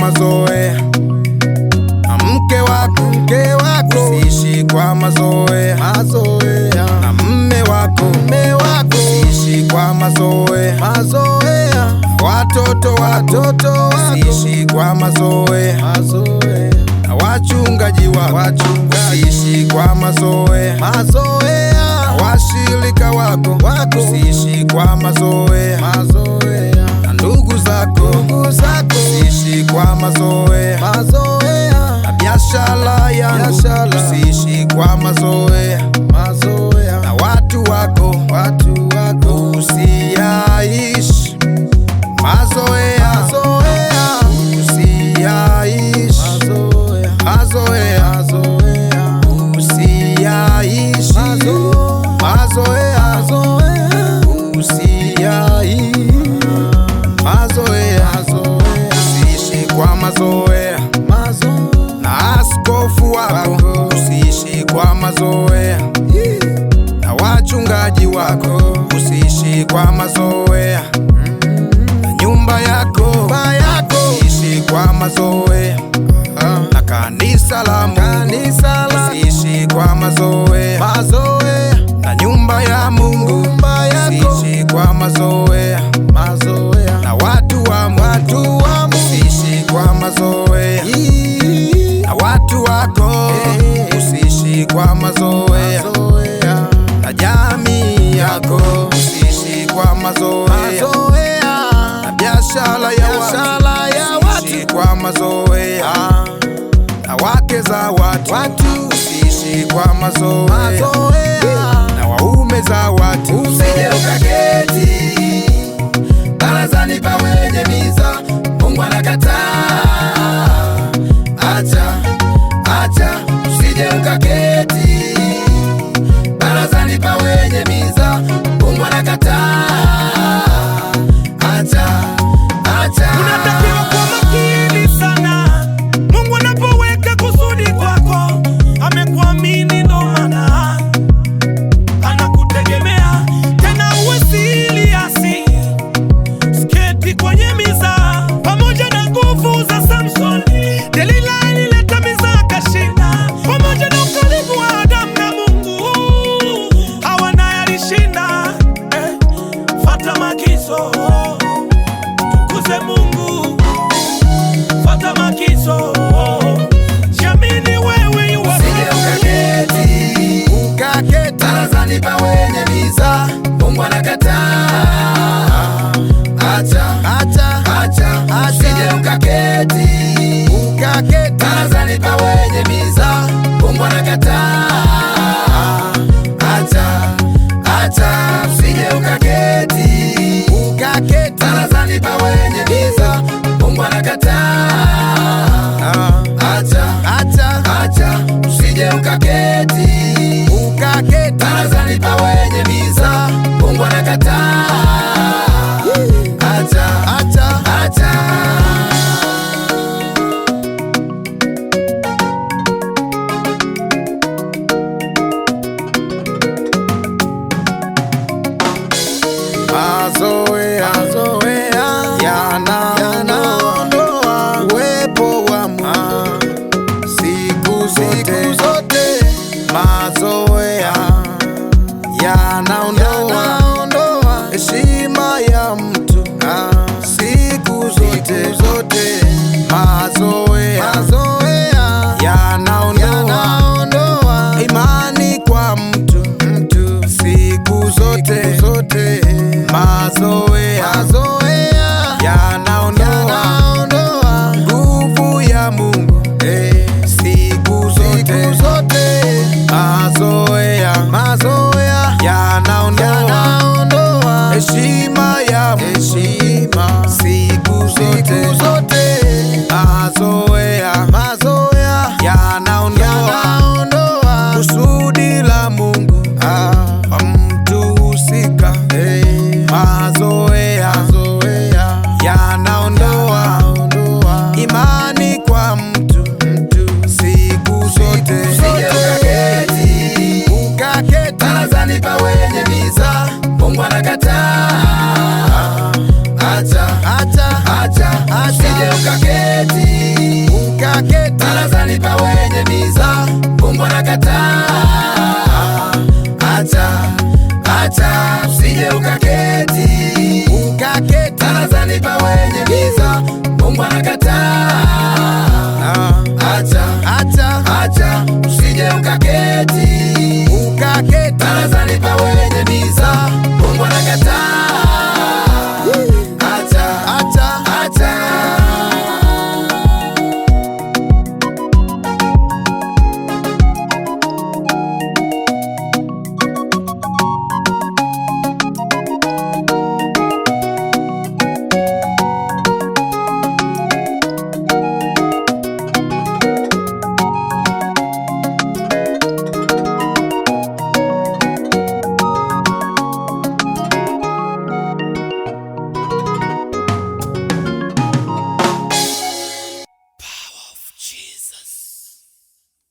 mazoea mke wako mke wako, usiishi kwa mazoea mazoea watoto watoto siishi kwa mazoe na wachungaji wako siishi kwa mazoe na washirika wako siishi kwa mazoe na ndugu zako siishi kwa mazoe na biashara yangu siishi kwa mazoea mazoe ah, na kanisa la Mungu, siishi kwa mazoe mazoe, na nyumba ya Mungu siishi kwa mazoe mazoea na wake za watu, watu usiishi kwa mazoea na waume za watu, usije ukaketi barazani pa wenye miza. Mungu anakataa, acha acha, usije ukaketi wananipa wenye miza, Mungu anakataa. Acha, acha, acha, usije ukaketi, ukaketi, anazanipa wenye miza mazoea yanaondoa uwepo wa Mungu siku zote, mazoea yanaondoa heshima ya mtu ah. siku zote, mazoea no erro. geta, Barazani pa wenye miza, Mungu anakataa. Acha, acha, acha, usije ukaketi, ukaketi. Barazani pa wenye miza, Mungu anakataa. Acha, acha, usije ukaketi, ukaketi. Barazani pa wenye miza, Mungu anakataa. Ah. Acha, acha, acha